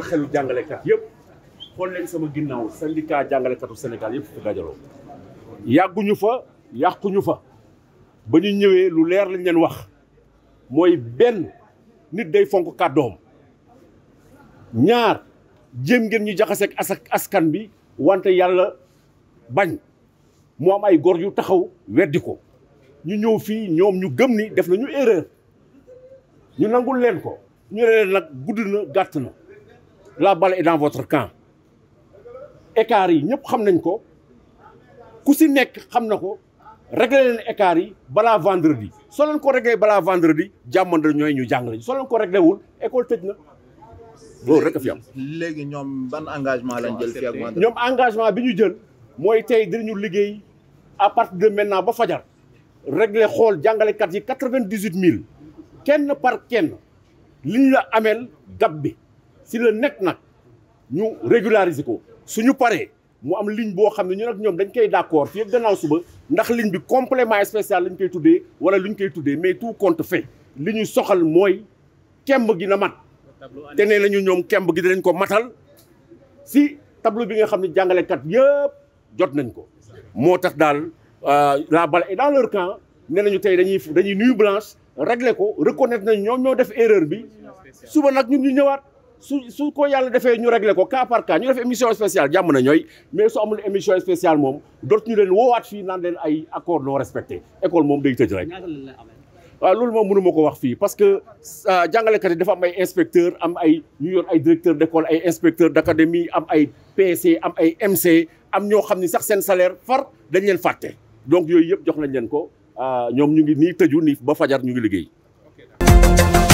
xelu jàngalekat yëpp xool leen sama ginnaaw syndicat jàngalekatu Sénégal yëpp fi dajaloo yàgguñu fa yàquñu fa ba ñu ñëwee lu leer lañ leen wax mooy benn nit day fonk kàddoom ñaar jéem ngeen ñu jaxaseeg askan bi wante yàlla bañ mu am ay góor yu taxaw weddi ko ñu ñëw fi ñoom ñu gëm ni def nañu erreur ñu nangul leen ko ñu leen nag gudd na gàtt na la balle est dans votre camp écart yi ñëpp xam nañ ko ku si nekk xam na ko régler leen écart yi balaa vendredi soo leen ko réglé balaa vendredi jàmmandal ñooy ñu jàngale soo ko réglé wul école tëj na loolu rek léegi ñoom ban engagement lañ jël fii ak ñoom engagement bi ñu jël mooy tey ñu liggéey à partir de maintenant ba fajar régler xool jàngalekat yi quatre-vingt-dix-huit mille kenn par kenn li ñu la ameel gab bi. si la nekk nag ñu régulariser ko suñu paree mu am ligne boo xam ne ñu nag ñoom dañ koy d'accord fii yëpp gannaaw suba ndax ligne bi complément spécial lañ koy tuddee wala koy tuddee mais tout compte li ñu soxal mooy kemb gi na mat te nee nañu ñoom kemb gi dinañ ko matal si tableau bi nga xam ne jàngalekat yëpp jot nañ ko moo tax daal euh, la balle est dans leur camp nee nañu tey dañuy dañuy nuit blanche ko reconnaître nañ ñoom ñoo def erreur bi suba nag ñun ñu ñëwaat su su ko yàlla defee ñu réglé ko cas par cas ñu def émission spéciale jàmm na ñooy mais su amul émission spéciale moom dootu ñu leen woowaat fii naan leen ay accord non respecté école moom day tëj rek waa loolu moom mënuma ko wax fii parce que euh, jàngalekat yi dafa am ay inspecteur am ay ñu yor ay directeur d'école ay inspecteur d'académie am ay PC am ay MC am ñoo xam ni sax seen salaire far dañ leen fàtte donc yooyu yëpp jox nañ leen ko euh, ñoom ñu ngi nii tëju nii ba fajar ñu ngi liggéey